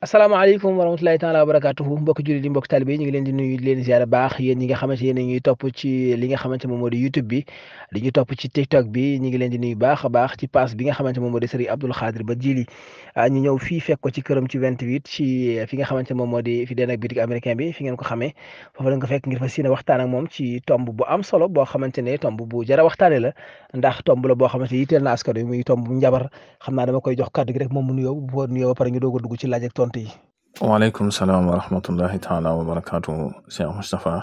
asalaamaaleykum wa rahmatulahi taala wa barakatuhu mbokk jullit yi mbokk talibe yi ñu ngi leen baax yéen ñi nga xamante yéen topp ci li nga xamante di youtube bi di ñu topp ci tiktok bi ñu ngi leen di nuyu baax a baax ci pass bi nga xamante moom moo di Serigne Abdoul Khadir ba jili ah, ñu ñëw fii fekk ko ci këram ci 28 ci fi nga xamante moom moo di fi den ak bitik américain bi fi ngeen ko xamee foofu lañ fekk ngir fa siina waxtaan moom ci tomb bu am solo boo xamante ne tomb bu jara waxtaane la ndax tomb la boo xamante yitteel xam naa dama koy jox kàddu gi rek moom mu nuyoo tont yi waaleykum salaam wa taala wa barakaatu Cheikh Moustapha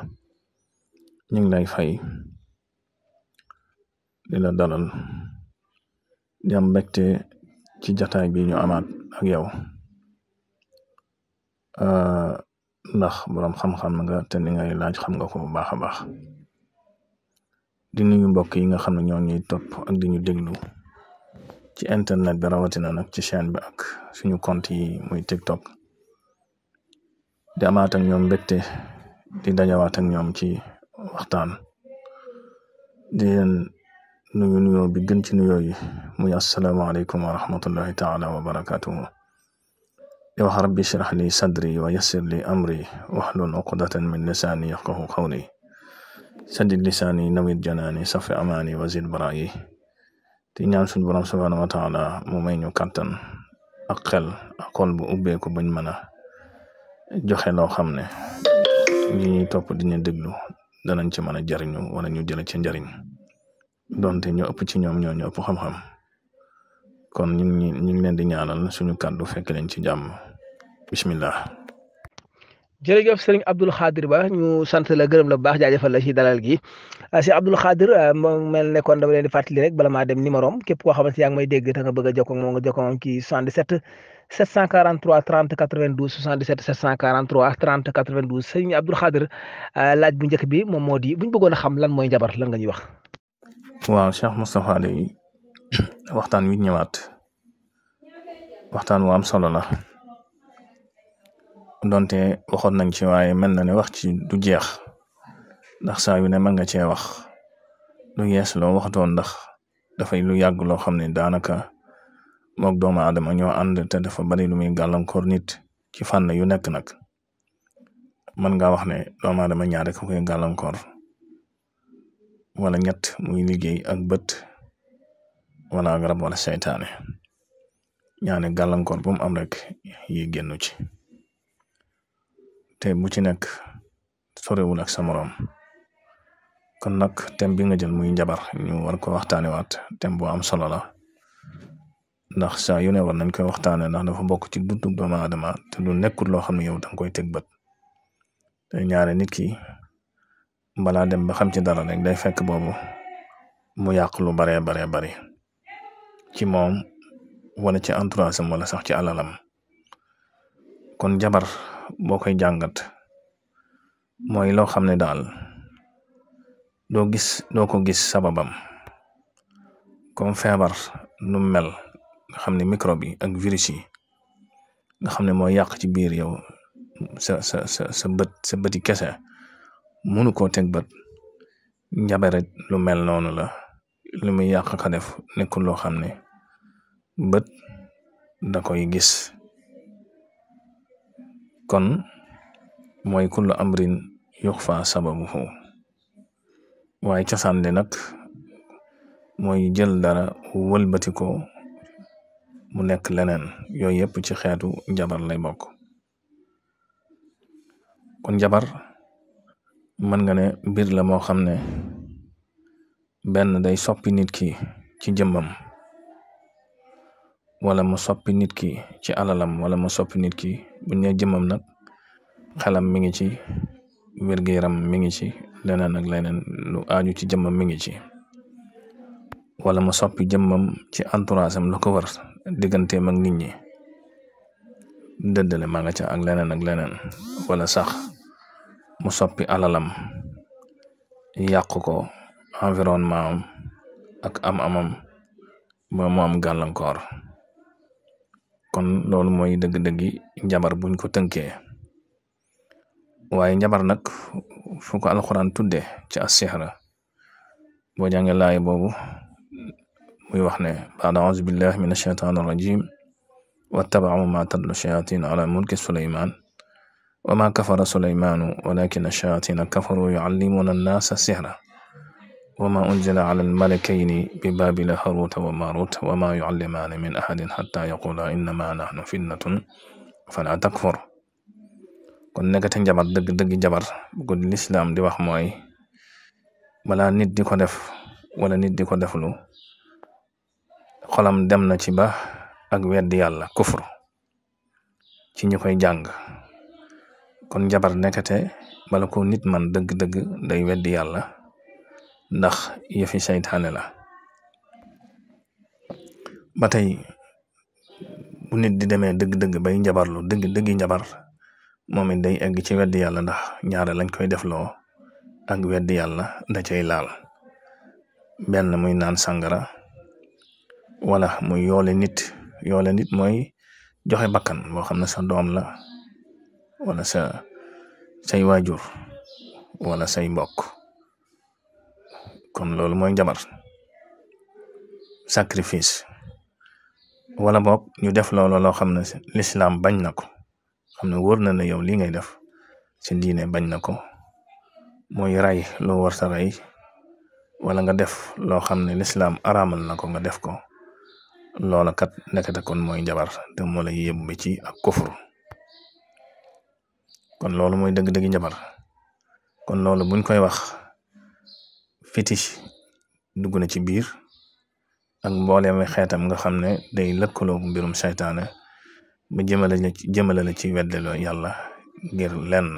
ñu ngi lay fay di la dalal di am mbégte ci jataay bi ñu amaat ak yow ndax boroom xam-xam nga te ni ngay laaj xam nga ko bu baax a baax di nuyu mbokk yi nga xam ne ñoo top ak di ñu déglu ci internet bi rawatina nag ci chaîne bi ak suñu compte yi muy TikTok di amaat ak ñoom mbégte di dajawaat ak ñoom ci waxtaan di leen nuyu bi gën ci nuyoo yi muy asalaamaaleykum wa rahmatullahi taala wa barakatuhu di wax rabbi shrah li sadri wa yassir li amri wahlul uqdatan min lisaani yafqahu qawli saddid lisaani nawit janaani safi amaani wa zid te ñaan suñu borom subhaanahu wa taala mu may ñu kàttan ak xel ak xol bu ubbeeku bañ mën a joxe loo xam ne ñi ñuy topp di ñu déglu danañ ci mën a jariñu wala ñu jële ci njariñ donte ñu ëpp ci ñoom ñoo ñu ëpp xam-xam kon ñu ñi ñu ngi leen di ñaanal suñu kàddu fekk leen ci jàmm bismillah jërëjëf sëriñ Abdul Xaadir Ba ñu sant la gërëm la baax jaajëfal la ci dalal gi euh, si Abdul Xaadir euh, moom mel ne kon dama leen di fàttali rek bala maa dem numéro am képp koo xamante yaa ngi may dégg te nga bëgg a jokkoo moo nga jokkoo moom ci 77 743 30 laaj bu njëkk bi moom moo di bu ñu bëggoon a xam lan mooy njabar lan nga ñuy wax. waaw Cheikh Moustapha day waxtaan wi ñëwaat waxtaan wu am solo la. donte waxoon nañ ci waaye mel na ne wax ci du jeex ndax saa yu ne mën nga cee wax lu yees loo waxatoon ndax dafay lu yàgg loo xam ne daanaka mook doomu adama ñoo ànd te dafa bari lu muy gàllankoor nit ci fànn yu nekk nag mën ngaa wax ne doomu aadama ñaar rek koy gàllankoor wala ñett muy liggéey ak bët wala garab wala seytaane ñaane gàllankoor bu am rek yi génnu ci te bu ci nekk sorewul ak sa moroom kon nag thème bi nga jël muy njabar ñu war ko waxtaanee waat thème bu am solo la ndax saa yu ne war nañ koy waxtaanee ndax dafa bokk ci dundu doomu aadama te du nekkul loo xam ne yow danga koy teg bat te ñaare nit ki balaa dem ba xam ci dara rek day fekk boobu mu yàq lu baree baree bari ci moom wala ci entourage wala sax ci alalam kon jabar boo koy jàngat mooy loo xam ne daal doo gis doo ko gis sababam kom feebar nu mel nga xam ne microbe yi ak virus yi nga xam ne moo yàq ci biir yow sa sa sa sa bët sa bëti kese mënu koo teg bët njabere lu mel noonu la lu muy yàq ka def nekkul loo xam ne bët da koy gis. kon mooy kullu amrin yuxfa sababuhu waaye cosaan li nag mooy jël dara wëlbati mu nekk leneen yooyu yëpp ci xeetu jabar lay bokk kon jabar mën nga ne mbir la moo xam ne benn day soppi nit ki ci jëmmam wala mu soppi nit ki ci alalam wala mu soppi nit ki buñ ne jëmam nag xelam mi ngi ci wér yaram mi ngi ci leneen ak leneen lu aaju ci jëmmam mi ngi ci wala mu soppi jëmmam ci entourage am lu ko war digganteem ak nit ñi dëddale maa nga ca ak leneen ak leneen wala sax mu soppi alalam yàq ko environnement ak am-amam ba am gàllankoor. kon loolu mooy dëgg-dëggi njabar buñ ko tënkee waaye njabar nag fu ko alxuraan tudde ci as-sihra boo jànge laay boobu muy wax ne baad auzu billahi min ashaytaan arrajim wattabau ma tatlu shayatin ala mulki suleyman wa ma kafara suleymanu walakin ash-shayatina kafaru yuallimuna annaasa sihra wama unzila ala almalakayni bi baabila haruta wa maruta wama yuallimaani min ahadin xata yaqula innama nahnu fitnatun fala takfur kon nekkati njabar dëgg dëgg njabar bu ko di wax mooy balaa nit di ko def wala nit di ko deflu xolam dem na ci ba ak weddi yàlla kufur ci ñu koy jàng kon njabar nekkate bala ko nit man dëgg-dëgg day weddi yàlla ndax yëfi saytaane la ba tey bu nit di demee dëgg-dëgg bay njabarlu dëgg dëggi njabar moom it day egg ci weddi yàlla ndax ñaare lañ koy def defloo ak weddi yàlla da cay laal benn muy naan sàngara wala muy yoole nit yoole nit mooy joxe bakkan boo xam ne sa doom la wala sa say waajur wala say mbokk kon loolu mooy njabar sacrifice wala boog ñu def loolu loo xam ne lislaam bañ na ko xam ne wóor na ne yow lii ngay def ci diine bañ na ko mooy ray loo war sa rey wala nga def loo xam ne lislaam araamal na ko nga def ko loola kat nekkate kon mooy njabar te moo la yóbbu ci ak kufur kon loolu mooy dëgg-dëgg njabar kon loolu buñ koy wax fétiche dugg na ci biir ak mbooleem xeetam nga xam ne day lëkkaloo mbirum seytaane ba jëmale la ci jëmale la ci weddeloo yàlla ngir lenn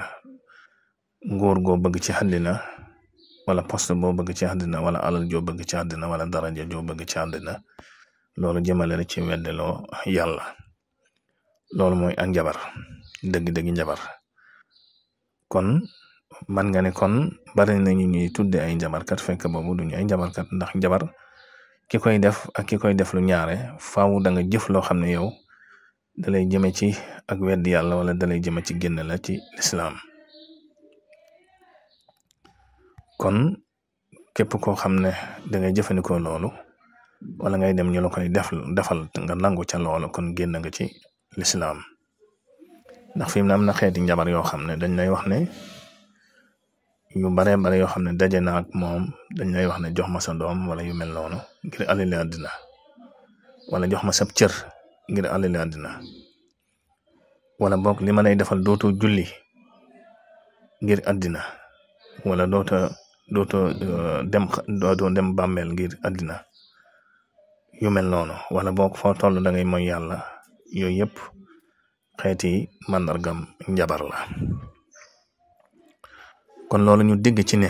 nguur goo bëgg ci àddina wala poste boo bëgg ci àddina wala alal joo bëgg ci àddina wala daraja joo bëgg ci àddina loolu jëmale la ci weddeloo yàlla loolu mooy ak njabar dëgg-dëgg njabar kon man nga ne kon bari nañu ñuy tudde ay njabarkat fekk boobu duñu ay njabarkat ndax njabar ki koy def ak ki koy def lu ñaare faaw da nga jëf loo xam ne yow dalay jëme ci ak wedd yàlla wala dalay jëme ci génn la ci lislaam kon képp koo xam ne dangay jëfandikoo loolu wala ngay dem ñu la koy def defal nga nangu ca loolu kon génn nga ci lislaam ndax fi mu na xeeti njabar yoo xam ne dañ lay wax ne yu baree bare yoo xam ne daje na moom dañ lay wax ne jox ma sa doom wala yu mel noonu ngir alali àddina wala jox ma sab cër ngir alali àddina wala boog li ma defal dootoo julli ngir àddina wala dooto dootoo euh, dem dootoo dem bàmmeel ngir àddina yu mel noonu wala boog foo toll da ngay mooy yàlla yooyu yëpp xeeti màndargam njabar la kon loolu ñu dégg ci ne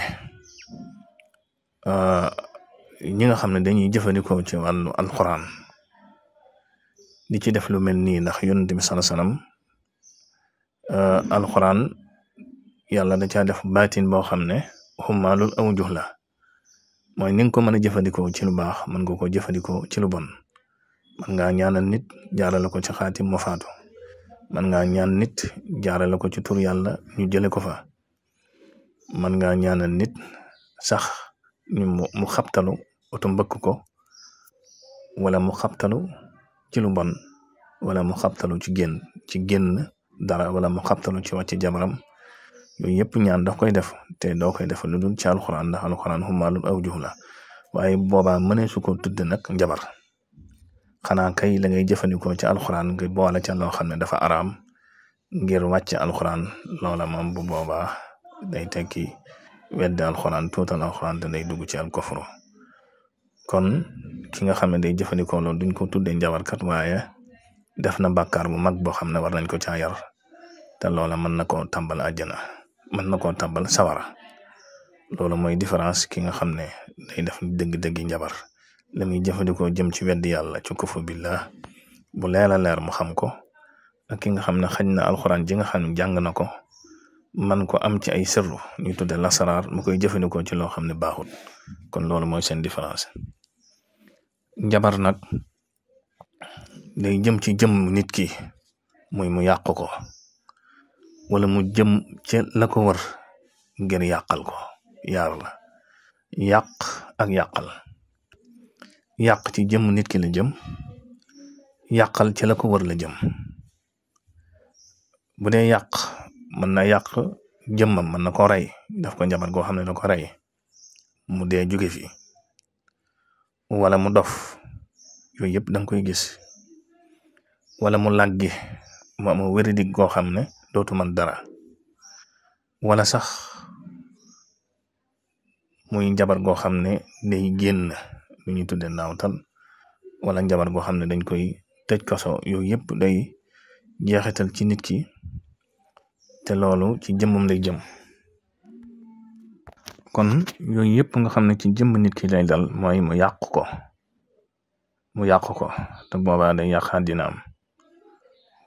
euh, ñi nga xam ne dañuy jëfandikoo ci wàllu alquran di ci def lu mel nii ndax yonent bi sala salaam euh, alquran yàlla da caa def baatin boo xam ne xumaalul aw jux la mooy ni ko mën a jëfandikoo ci lu baax mën nga koo jëfandikoo ci lu bon mën ngaa ñaanal nit jaarale ko ci xaatim mu faatu mën ngaa ñaan nit jaarale ko ci yàlla ñu jële ko fa. man ngaa ñaanal nit sax ñu mu xabtalu oto mbëkk ko wala mu xabtalu ci lu bon wala mu xabtalu ci génn ci génn dara wala mu xabtalu ci wàcc jabaram yooyu yëpp ñaan daf koy def te doo koy def lu dul ci alxuraan ndax alxuraan xumaalul aw juux la waaye boobaa mënee su ko tudd nag njabar xanaa kay la ngay jëfandikoo ci alxuraan nga boole ca loo xam ne dafa araam ngir wàcc alxuraan loola bu boobaa day tekki weddi alxuraan tuutal alxuraan te day dugg ci alkofro kon ki nga xam ne day jëfandikoo loolu duñ ko tuddee njabarkat waaye def na bàkkaar bu mag boo xam ne war nañ ko caa yar te loola mën na koo tàmbal àjjana mën na koo tàmbal sawara loolu mooy différence ki nga xam ne day def dëgg-dëgg njabar la muy jëfandikoo jëm ci weddi yàlla ci kufru billah bu leer a leer mu xam ko ak ki nga xam ne xañ na alxuraan ji nga xam ne jàng na ko man ko am ci ay sirru ñu tudde lasaraar mu koy jëfandikoo ci loo xam ne baaxul kon loolu mooy seen différence njabar nag day jëm ci jëm nit ki muy mu yàq ko wala mu jëm ci la ko war ngir yàqal ko yaar la yàq ak yàqal yàq ci jëm nit ki la jëm yàqal ci la ko war la jëm bu dee yàq mën na yàq jëmmam mën na ko rey daf ko njabar goo xam ne da ko rey mu dee jóge fi wala mu dof yooyu yëpp danga koy gis wala mu làggi mu am wéridig goo xam ne dootu man dara wala sax muy njabar goo xam ne day génn lu ñuy tudde naawtal wala njabar goo xam ne dañ koy tëj kaso yooyu yëpp day jeexital ci nit ki te loolu ci jëmmam lay jëm kon yooyu yëpp nga xam ne ci jëmm nit ki lay dal mooy mu yàq ko mu yàq ko te boobaa day yàq àddina am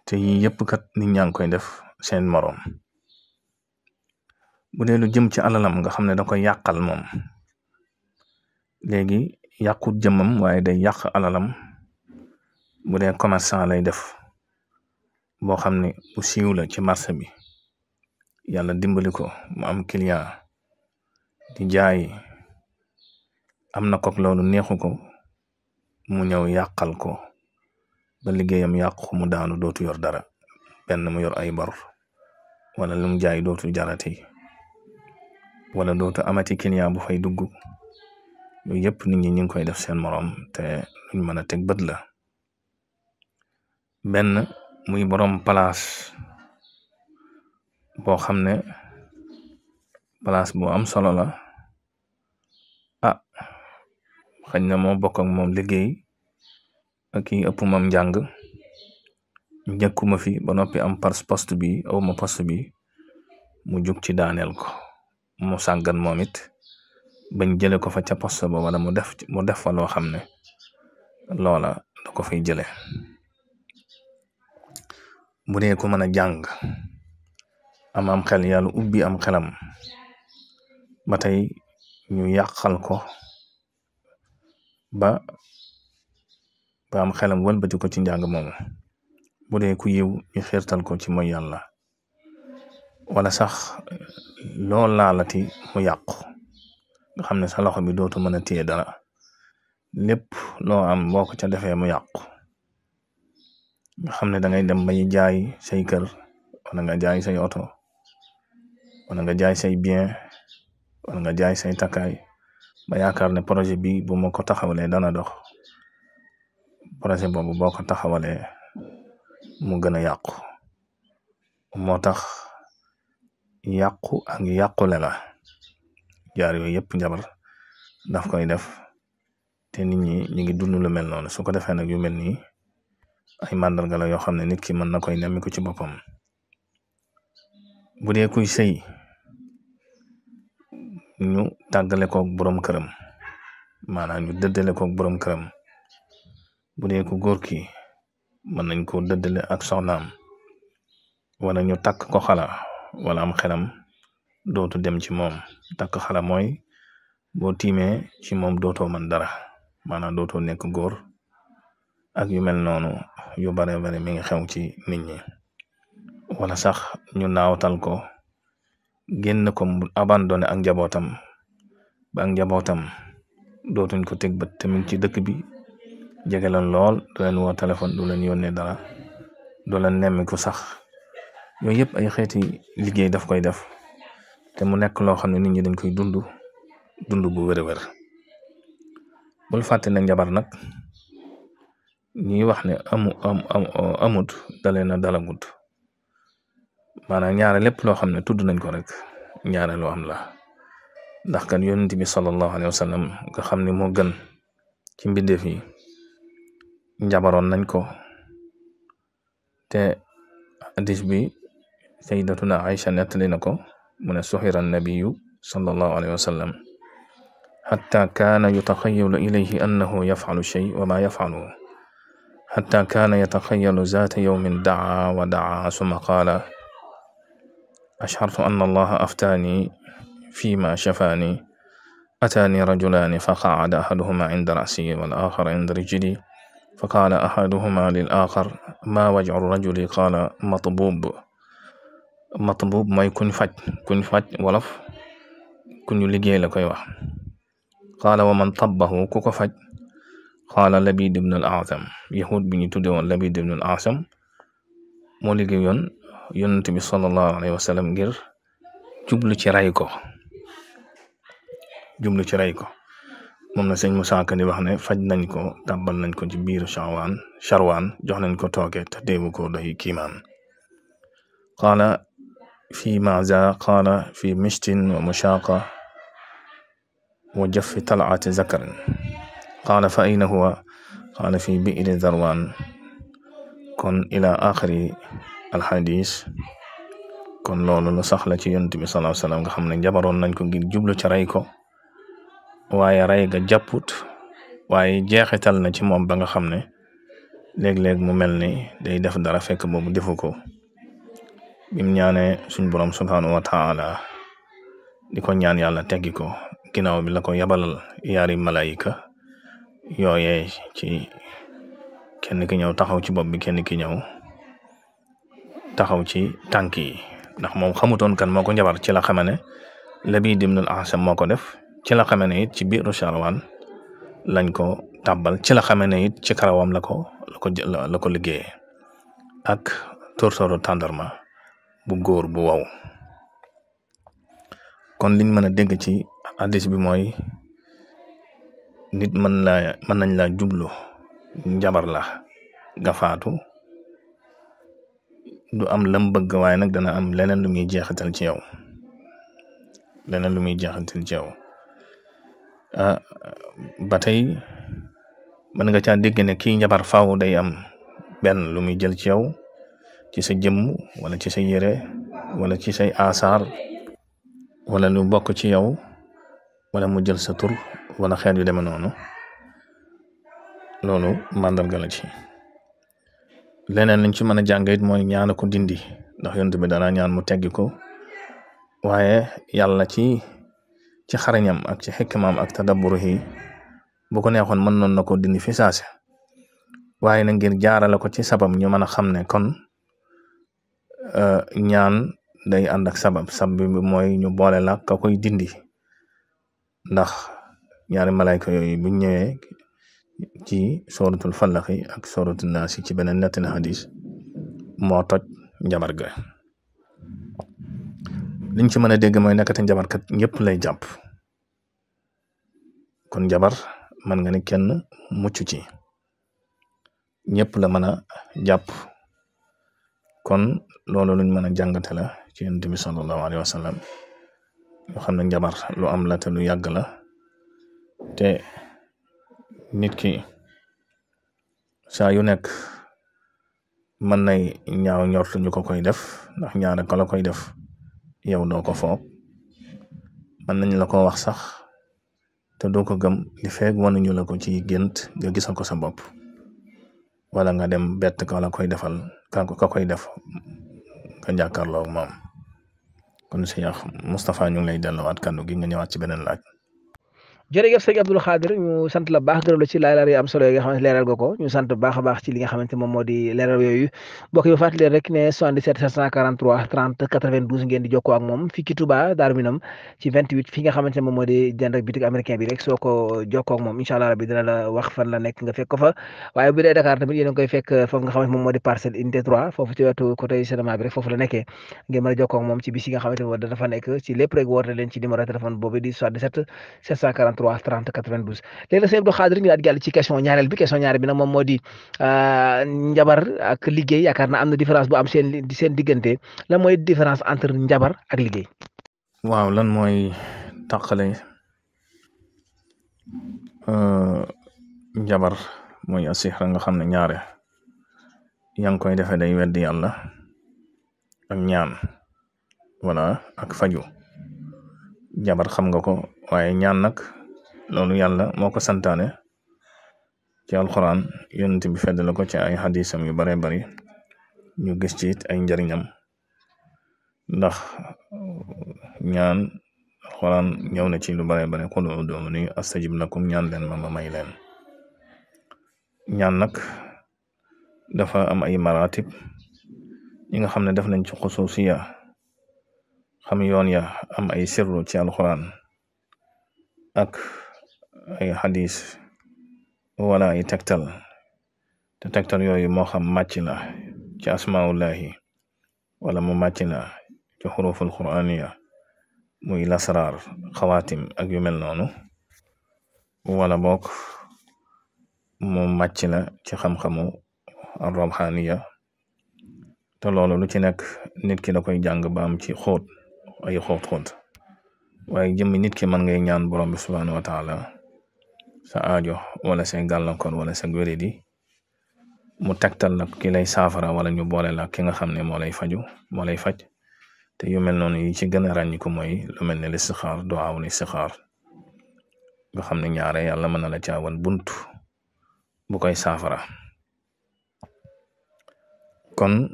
te yii yëpp kat nit ñaa ngi koy def seen moroom bu dee lu jëm ci alalam nga xam ne da koy yàqal moom léegi yàqut jëmmam waaye day yàq alalam bu dee commerçant lay def boo xam ne bu ci marché bi yàlla dimbali ko mu am client di jaay am na kook loolu neexu ko mu ñëw yàqal ko ba liggéeyam yàqu mu daanu dootu yor dara benn mu yor ay bor wala lu mu jaay dootu jarati wala dootu amati client bu fay dugg yooyu yëpp nit ñi ñu ngi koy def seen moroom te luñ mën a teg bët la benn muy boroom place boo xam ne palaas bu am solo la ah, xañ na mo bokk ak moom liggéey ak ki ëpp mam njàng njëkkuma fi ba noppi am par poste bi awma poste bi mu jug ci daaneel ko mu sàggan moom it bañ jële ko fa ca poste ba wala mu def mu def fa loo xam ne loola da ko fay jële bu dee ku mën a jàng am am xel yàlla ubbi am xelam ba tey ñu yàqal ko ba ba am xelam walbati ko ci njàng moomu bu dee ku yiw ñu xiirtal ko ci mooy yàlla wala sax lool laalati mu yàqu nga xam ne sa loxo bi dootu mën a téye dara lépp loo am boo ko ca defee mu yàqu nga xam ne da ngay dem ba ñu jaay say kër wala nga jaay say oto wala nga jaay say bien nga jaay say takkaay ba yaakaar ne projet bi bu ma ko taxawalee dana dox projet boobu boo ko taxawale mu gën a yàqu moo tax yàqu ak yàqule la jaar yooyu yëpp njabar daf koy def te nit ñi ñu ngi dund lu mel noonu su ko defee nag yu mel nii ay màndarga la yoo xam ne nit ki mën na koy nemmiku ci boppam bu dee kuy say ñu tàggale koog borom këram maanaam ñu dëddale koog borom këram bu dee ku góor ki mën nañ ko dëddale ak soxnaam wala ñu takk ko xala wala am xelam dootu dem ci moom takk xala mooy boo tiimee ci moom dootoo mën dara maanaam dootoo nekk góor ak yu mel noonu yu bare bare mi ngi xew ci nit ñi wala sax ñu naawtal ko génn ko mu abandonné ak njabootam ba ak njabootam dootuñ ko teg bët te mu ci dëkk bi jege lan lool du leen woo téléphone du leen yónnee dara du leen nemmiku sax yooyu yëpp ay xeeti liggéey daf koy def te mu nekk loo xam ne nit ñi dañ koy dund dund bu wér-wér bul fàtte na njabar nag ñuy wax ne amu am amut dalee na dalagut. maanaam ñaare lépp loo xam ne tudd nañ ko rek ñaare lu am la ndax kan yonent alayhi wa sallam nga xam ne moo gën ci yi njabaroon nañ ko te hadis bi sayyidatuna Aïcha nettali na ko mu ne suxira nabiyu sallallahu alayhi wa sallam xataa kaana yutaxayalu ilayhi annahu yafcalu shay wa maa yafcaluhu xataa kaana yataxayalu zaata yawmin daa wa daa summa qaala ashartu anna allaha aftaani fiima shafaani ataani rajulaani fa qaacada axaduhuma cinda rasiyi wal axar cinda rijli fa qaala axaduhuma lil axar maa wajcu rajuli qaala matbuub matbuub mooy kuñ faj kuñ faj wolof kuñu liggéey la koy wax qaala wa man tabbahu ku ko faj qaala Labiid ibn al Acam yahuud bi ñu tudde woon Labiid ibn al Acam moo liggéeyoon yonent bi sallallahu alayhi wa sallam jublu ci ray ko jublu ci ray ko moom na sëñ Moussa Ka di wax ne faj nañ ko tàbbal nañ ko ci biiru charwaan charwaan jox nañ ko tooke te déewu ko doy kiimaan qaala fi maaza qaala fi mishtin wa mushaaqa wa jaffi talaati zakarin qaala fa huwa qaala fi biiri darwaan kon ila axiri alxadis kon loolu lu sax la ci yonent bi sallallahu nga xam ne njabaroon nañ ko ngir jublu ci rey ko waaye rey ga jàpput waaye tal na ci moom ba nga xam ne léeg-léeg mu mel ni day def dara fekk boobu defu ko bim ñaane suñ borom subhaanahu wa di ko ñaan yàlla teggi ko ginnaaw bi la ko yabalal yaari malayika yooyee ci kenn ki ñëw taxaw ci bopp bi kenn ki ñëw taxaw ci tànk yi ndax moom xamutoon kan moo ko njabar ci la xamane ne Labiid ibnul Asam ko def ci la xamane ne it ci biiru Charwan lañ ko tàbbal ci la xamane ci karawam la ko la ko la ko liggéeyee ak tóortóoru tàndarma bu góor bu waw kon liñ mën a dégg ci hadiis bi mooy nit mën laa mën nañ laa jublu njabar la fatu du am lam bëgg waaye nag dana am leneen lu muy jeexital ci yow leneen lu muy jeexital ci aw ah ba tey mën nga caa ne kii njabar faaw day am benn lu muy jël ci yow ci sa jëmm wala ci sa yére wala ci say asaar wala lu bokk ci yow wala mu jël sa tur wala xeet yu demee noonu loolu màndarga ci. leneen liñ ci mën a jàngee mooy ñaan ko dindi ndax yonent bi dara ñaan mu teggi ko waaye yàlla ci ci xarañam ak ci xikmaam ak tadabburuhi bu ko neexoon mën noon na ko dindi fi saase waaye na ngir jaarale ko ci sabab ñu mën a xam ne kon euh, ñaan day ànd ak sabab sab bi ñu boole la ka dindi ndax ñaari malayka yooyu buñ ñëwee ci sooratul falaxi ak sooratul naasi ci beneen nettali xadis moo toj njabar ga liñ ci mën a dégg mooy nekkati njabarkat ñépp lay jàpp kon njabar mën nga ni kenn mucc ci ñëpp la mën a jàpp kon loolu luñ mën a jàngate la ci yonent bi sallallahu alayhi yoo xam ne njabar lu am la te lu yàgg la te nit ki saa yu nekk mën nay ñaaw ñortu ñu ko koy def ndax ñaara ko koy def yow doo ko foog mën nañ la ko wax sax te doo ko gëm li feeg wanuñu la ko ci gént nga gisal ko sa bopp wala nga dem bett ka la koy defal ka ka koy def nga jàkkaarloo ak moom kon Cheikh Moustapha ñu ngi lay delluwaat kàddu gi ga ñëwaat ci beneen laaj. jërëjëf sëñ Abdou Khadre ñu sant la baax gërëm la ci leeral yu am leeral nga ñu sant baax a baax ci li nga xamante moom moo di leeral yooyu mbokk yi fàttali leen rek ne di jokkoo ak bi rek soo ko jokkoo ak moom incha allah ko fa waaye a ngi koy fekk foofu nga xamante moom moo di parcelle unité 3 foofu ci bi rek foofu la nekkee ngeen mën a jokkoo ci bis yi nga xamante ne dafa nekk ci lépp rek woote leen ci numéro téléphone boobu di 77 33 30 92 léegi nag sëñ Abdou Khadre ñu daal di jàll ci question bi question ñaareel bi nag moom moo di euh, njabar ak liggéey yaakaar naa am na différence bu am seen seen diggante lan mooy différence entre njabar ak liggéey. waaw lan mooy tàqale euh, njabar mooy asixra nga xam ne ñaare yaa ngi koy defee day weddi yàlla ak ñaan wala ak faju jabar xam nga ko waaye ñaan nag loolu yàlla moo ko santaane ci alxuraan yonent bi fedd la ko ci ay xadisam yu bare bari ñu gis ci it ay njariñam ndax ñaan alxuraan ñëw na ci lu bare bare qul ud'uuni astajib lakum ñaan leen ma ma may leen ñaan nag dafa am ay maratib ñi nga xam ne def nañ ci xusuusiya xam yoon ya am ay sirru ci alxuraan ak ay xadis wala ay tegtal te tegtal yooyu moo xam màcc la ci asmaullahi wala mu màcc la ci xuruful quraniya muy lasraar xawaatim ak yu mel noonu wala bokk mu màcc la ci xam-xamu arrabxaaniya te loolu lu ci nekk nit ki da koy jàng ba ci xóot ay xóot-xóot waaye jëmmi nit ki mën ngay ñaan borom bi subhaanahu sa ajo wala seen gàllankoor wala sa wéradi mu tegtal la ki lay saafara wala ñu boole la ki nga xam ne moo lay faju moo lay faj te yu mel noonu yi ci gën a ràññiku mooy lu mel ne listixaar duwaaw listixaar nga xam ne ñaare yàlla mën na la caawan bunt bu koy saafara kon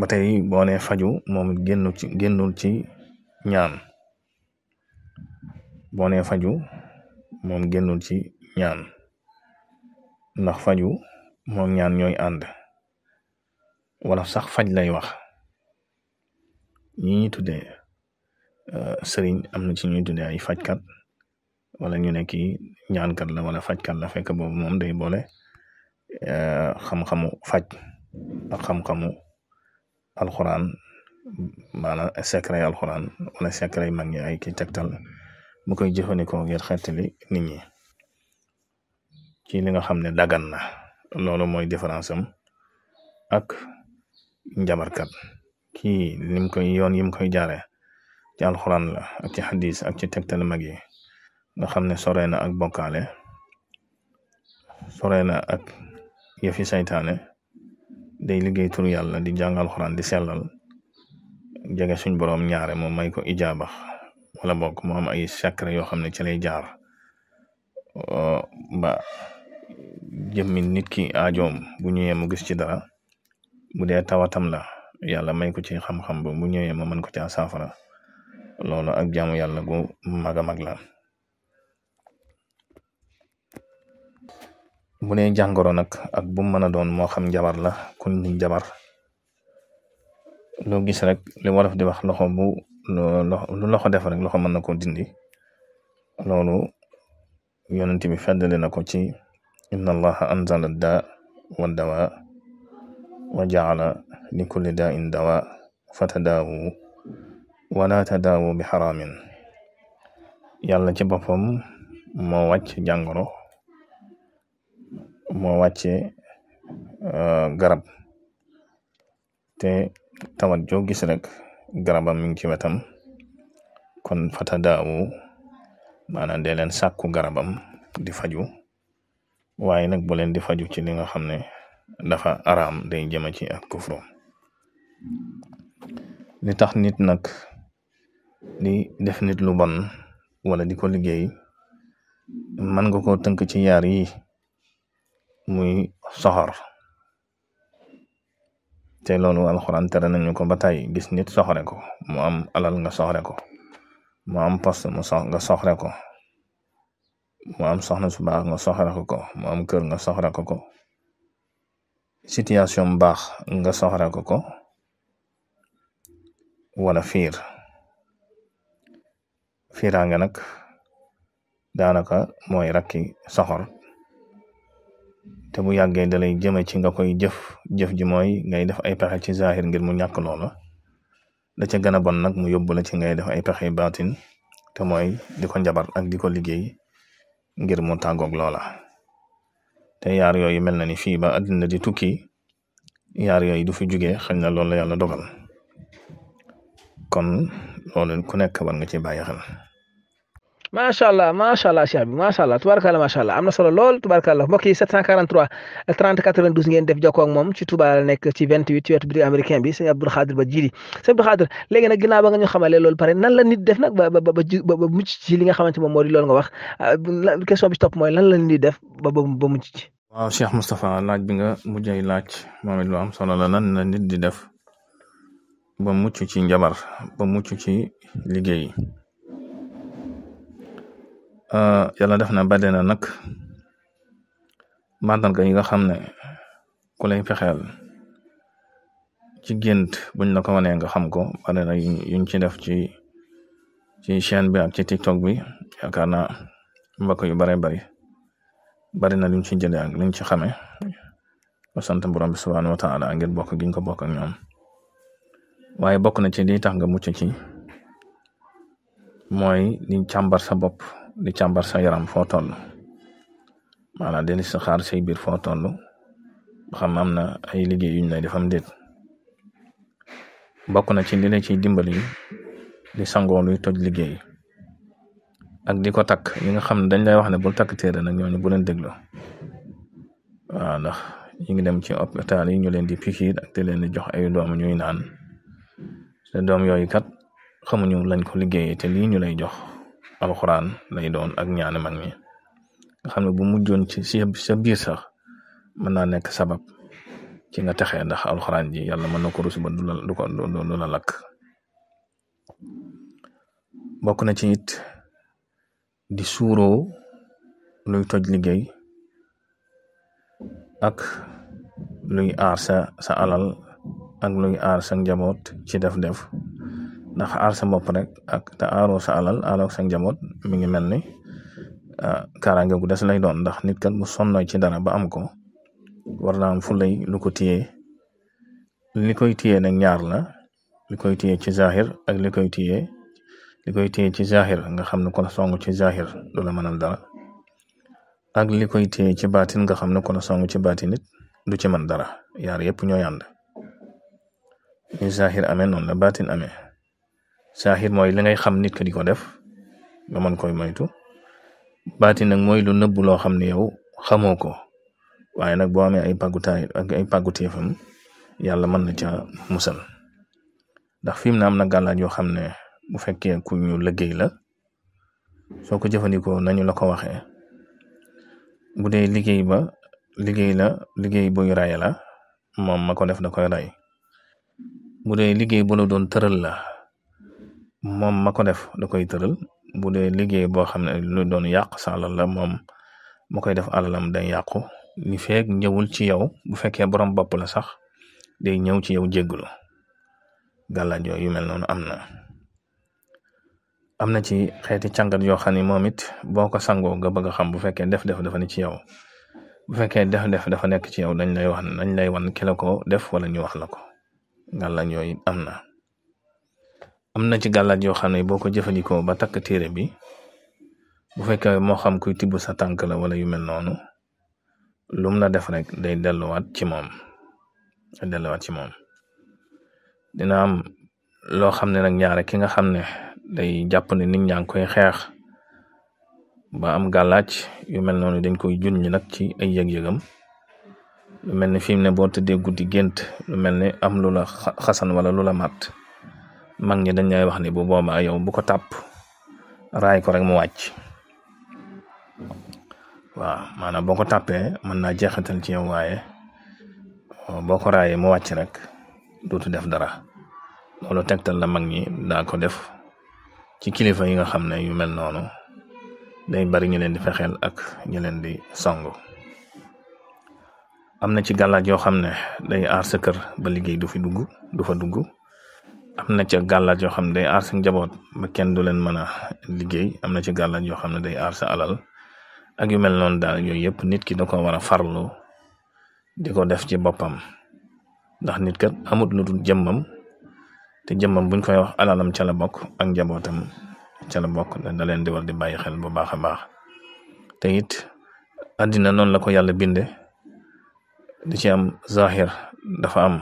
ba tey boo faju moom génnu ci génnul ci ñaan boo faju moom génnul ci ñaan ndax faju moom ñaan ñooy ànd wala sax faj lay wax ñi ñuy tuddee euh, sëriñ am na ci ñuy tuddee ay fajkat wala ñu ne kii ñaankat la wala fajkat la fekk boobu moom day boole euh, xam-xamu faj ak xam-xamu alxuraan maanaam secret alxuraan wala secret mag ñi ay ki tegtal mu koy jëfandikoo ngir xettali nit ñi. ci li nga xam ne dagan na loolu mooy différence am ak njabarkat kii lim koy yoon yim koy jaare ci alxuraan la ak ci xadis ak ci tegtal mag yi nga xam ne sore na ak bokkaale sore na ak yëfi saytaane day liggéey tur yàlla di jàng alxuraan di selal jege suñ borom ñaare moom may ko ijaabax wala bokk mu am ay secret yoo xam ne ci lay jaar ba jëmmi nit ki aajoom bu ñëwee mu gis ci dara bu dee tawatam la yàlla may ko ci xam-xam ba bu ñëwee ma mën ko caa saafara loolu ak jaamu yàlla gu mag a mag la bu dee jàngoro nag ak bu mën doon moo xam jabar la kun ni jabar loo gis rek li wolof di wax loxo bu lu loxo def rek loxo mën na koo dindi loolu yonent bi feddali na ko ci inna allaha anzala daa wa dawaa wa jacala likulli daain dawaa fatadaawu wala tadaawu bi xaraamin yàlla ci boppam moo wàcc jàngoro moo wàcce uh, garab te tawat joo gis rek garabam mi ngi ci wetam kon fatadaawu maanaam dee leen sàkku garabam di faju waaye nag bu leen di faju ci li nga xam ne dafa araam day jëma ci ak kufru li tax nit nag di def nit lu bon wala di ko liggéey mën nga ko tënk ci yaar yi muy soxor te loolu alxuraan tere nañu ko ba tey gis nit soxore ko mu am alal nga soxore ko mu am poste mu sox nga soxore ko mu am soxna su baax nga soxla ko ko mu am kër nga soxla ko ko situation baax nga soxla ko ko wala fiir nga nag daanaka mooy rakki soxor te bu yàggee dalay jëme ci nga koy jëf jëf ji mooy ngay def ay pexe ci zahir ngir mu ñàkk loola da ca gën a bon nag mu yóbbu la ci ngay def ay pexe baatin te mooy di ko njabar ak di ko liggéey ngir mu tàggoog loola te yaar yooyu mel na ni fii ba àddina di tukki yaar yooyu du fi jugee xañ na loolu la yàlla dogal kon loolu ku nekk war nga ci bàyyi xel. macha allah macha allah Cheikh bi macha allah tubaarkàlla macha allah am na solo lool tubaarkàlla mbokk yi 743 30 92 ngeen def jokkoo ak moom ci Touba la nekk ci 28 ci wetu bi américain bi sëñ Abdoul Xaadir ba jiili sëñ Abdoul Xaadir léegi nag ginnaaw ba nga ñu xamalee loolu pare nan la nit def nag ba ba ba ba mucc ci nga xamante moom moo di loolu nga wax ah, question bi ci topp nit def ba ba mucc ci. waaw Cheikh laaj bi nga mujjee laaj moom it la lan la nit def ba mucc ci njabar ba mucc ci liggéey. Euh, yàlla def na bade na nag mandarga yi nga xam ne ku lay fexeel ci gént buñ la ko wanee nga xam ko bade na yuñ ci def ci ci chaîne bi ak ci tiktok bi yaakaar naa mbokk yu bare bari bari na luñ ci jëlee ak luñ ci xamee ba sant borom bi subhanahu wa taala ngir bokk giñ ko bokk ak ñoom waaye bokk na ci li tax nga mucc ci mooy di càmbar sa bopp di càmbar sa yaram foo toll maanaam del si xaar say biir foo toll ba xam am na ay liggéey yuñ lay defam déet bokk na ci li la ciy dimbali di sangoo luy toj liggéey ak di ko takk yi nga xam ne dañ lay wax ne bul takk téere nag ñooñu bu leen déglu waaw ndax ñu ngi dem ci hôpital yi ñu leen di pikiir ak te leen di jox ay doom ñuy naan te doom yooyu kat xamuñu lañ ko liggéeyee te lii ñu lay jox. alxuraan lay doon ak ñaani mag ñi nga xam ne bu mujjoon ci sa biir sax mën naa nekk sabab ki nga texe ndax alxuraan ji yàlla mën na ko rusu ba du la du lakk bokk na ci it di suuroo luy toj liggéey ak luy aar sa sa alal ak luy aar sa njaboot ci def-def ndax aar sa bopp rek ak te aaroo sa alal aaroo sa njaboot mi ngi mel ni ah, kaaraange gu des lay doon ndax nit kat bu sonnoy ci dara ba am ko war am fu lay lu ko tiye li koy téye nag ñaar la li koy téye ci zahir ak li koy téye li koy téye ci zahir nga xam ne kon song ci zahir du la mënal dara ak li koy téye ci baatin nga xam ne kon song ci baatin nit du ci mën dara yar yëpp ñooy ànd ni zahir amee noonu la baatin amee saaxir mooy la ngay xam nit ko di ko def nga mën koy moytu baati nag mooy lu nëbb loo xam ne yow xamoo ko waaye nag boo amee ay pàggutaay ak ay fam yàlla mën na ca musal ndax fi mu ne am na gàllaaj yoo xam ne bu fekkee ku ñu liggéey la soo ko jëfandikoo nañu la ko waxee bu dee liggéey ba liggéey la liggéey buy raye la moom ma ko def da koy ray bu dee liggéey bu la doon tëral la moom ma ko def da koy tëral bu dee liggéey boo xam ne lu doon yàq sa alal la moom mu koy def alalam day yàqu li feek ñëwul ci yow bu fekkee borom bopp la sax day ñëw ci yow jégglu gàllaaj yooyu yu mel noonu am na am na ci xeeti càngat yoo xam ne moom it boo ko sangoo nga bëgg xam bu fekkee def-def dafa ne ci yow bu fekkee def-def dafa nekk ci yow dañ lay wax dañ lay wan keloko def wala ñu wax la ko gàllaaj yooyu am na am na ci gàllaaj yoo xam ne boo ko jëfandikoo ba takk téere bi bu fekkee moo xam kuy tibb sa tànk la wala yu mel noonu lum la def rek day delluwaat ci moom day delluwaat ci moom dina am loo xam ne nag ñaare ki nga xam ne day jàpp ne nit ñaa ngi koy xeex ba am gàllaaj yu mel noonu dañ koy jun ñi nag ci ay yëg-yëgam lu mel ne fi ne boo tëddee guddi gént lu mel ne am lu la xasan wala lu la mag ñi dañ lay wax ni bu boobaa yow bu ko tàpp ray ko rek mu wàcc waaw maanaam boo ko tàppee mën naa jeexatal ci yow waaye euh, boo ko raayee mu wàcc rek dootu def dara loolu tegtal la mag ñi daa ko def ci kilifa yi nga xam ne yu mel noonu day bari ñu leen di fexeel ak ñu leen di songu am na ci gàllaaj yoo xam ne day aar sa kër ba liggéey du fi dugg du fa dugg am na ca gàllaaj yoo xam ne day aar njaboot ba kenn du leen mën a liggéey am na ci gàllaaj yoo xam ne day aar sa alal ak yu mel noonu daal yooyu yëpp nit ki da ko war a farlu di ko def ci boppam ndax nit kat amut lu dul jëmmam te jëmmam buñ koy wax alalam ca la bokk ak njabootam ca la bokk da leen di war di bàyyi xel bu baax a baax te it àddina noonu la ko yàlla binde di ci am zahir dafa am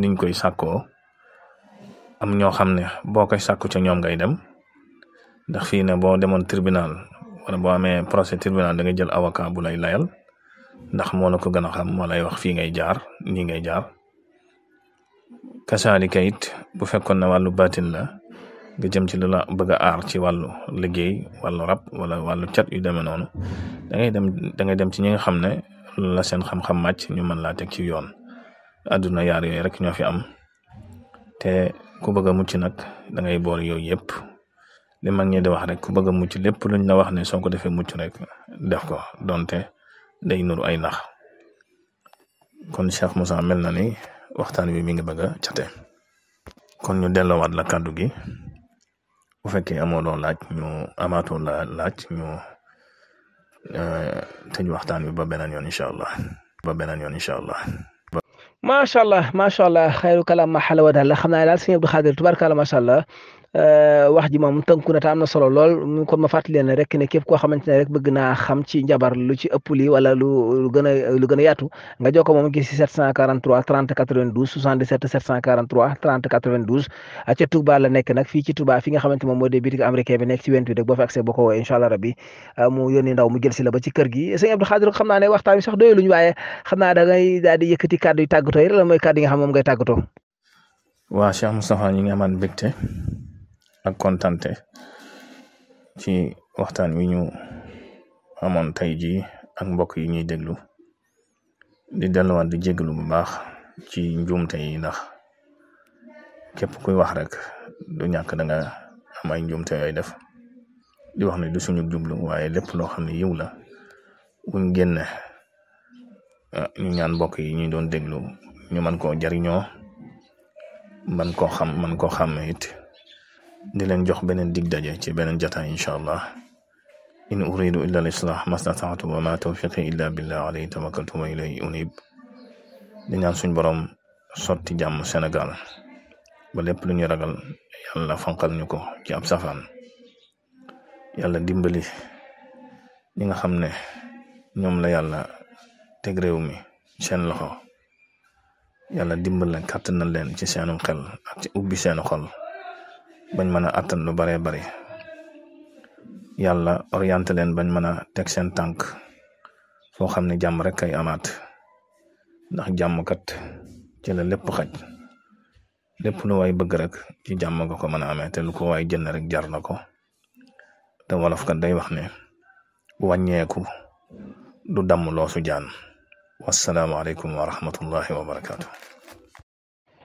niñ koy sàkkoo am ñoo xam ne boo koy sàkku ca ñoom ngay dem ndax fii ne boo demoon tribunal wala boo amee procès tribunal da ngay jël avocat bu lay layal ndax moo la ko gën a xam moo lay wax fii ngay jaar nii ngay jaar kasaalika it bu fekkoon ne wàllu baatin la nga jëm ci lu la bëgg a aar ci wàllu liggéey wàllu rab wala wàllu cat yu demee noonu da dem da dem ci ñi nga xam ne la seen xam-xam màcc ñu mën laa teg ci yoon adduna yaar yooyu rek ñoo fi am te ku bëgg mucc nag da ngay boole yooyu yëpp li mag ñi di wax rek ku bëgg a mucc lépp luñ la wax ne soo ko defee mucc rek def ko donte day nuru ay nax kon Cheikh Moussa mel na ni waxtaan wi mi ngi bëgg a cate kon ñu delloowaat la kàddu gi bu fekkee amoo loo laaj ñu amaatoo la laaj ñu euh, tëj waxtaan wi ba beneen yoon incha allah ba beneen yoon incha allah. macha allah macha allah xayru kalaam ma xalawa daal la xam naa daal sëñ Abdou Xaadir tubaarkalla macha allah Euh, wax ji moom tënku na te na solo lool kon ma fàttali leen rek ne képp koo xamante ne rek bëgg na xam ci njabar lu ci ëpp lii lu gën a lu gën a yaatu nga jokko moom gi si 743 30 92 77 743 30 92 la nekk nag fii ci Touba fi nga xamante moom moo dee bitik américain bi nekk ci went bi rek boo fa accès boo rabbi euh, mu yónni ndaw mu jël la ba ci kër gi sëñ Abdou Khadir xam naa ne waxtaan bi sax doyul ñu waaye xam naa da ngay daal di yëkkati yi la ak kontante ci waxtaan wi ñu amoon tey jii ak mbokk yi ñuy déglu di delluwaat di jégalu bu baax ci njuumte yi ndax képp kuy wax rek du ñàkk da nga am ay njuumte def di wax ne du suñu jublu waaye lépp loo xam ne yiw la buñ génne ah, ñu ñaan mbokk yi ñu doon déglu ñu mën koo jariñoo man koo xam man koo xam it di leen jox beneen dig daje ci beneen jataay incha allah in uridu illa al islah mastataatu wa ma tawfiqi illa billah alayhi tawakkaltu wa ilayhi unib di ñaan suñ borom sotti jàmm Sénégal ba lépp lu ñu ragal yàlla fanqal ñu ko ci ab safaan yàlla dimbali ñi nga xam ne ñoom la yàlla teg mi seen loxo yàlla dimbal leen kàttanal leen ci seenu xel ak ci ubbi seenu bañ mën a attan lu baree bari yàlla orienté leen bañ mën a teg seen tànk foo xam ne jàmm rek kay amaat ndax jàmm kat ci lépp xaj lépp lu waay bëgg rek ci jàmm nga ko mën a amee ko waay jënd rek jar na ko te wolof kat day wax ne wàññeeku du damm loosu jaan wasalaamaaleykum wa rahmatullahi wa barakaatu.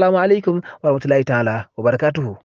assalaamu aleykum wa rahmatullahi taala wa barakatuhu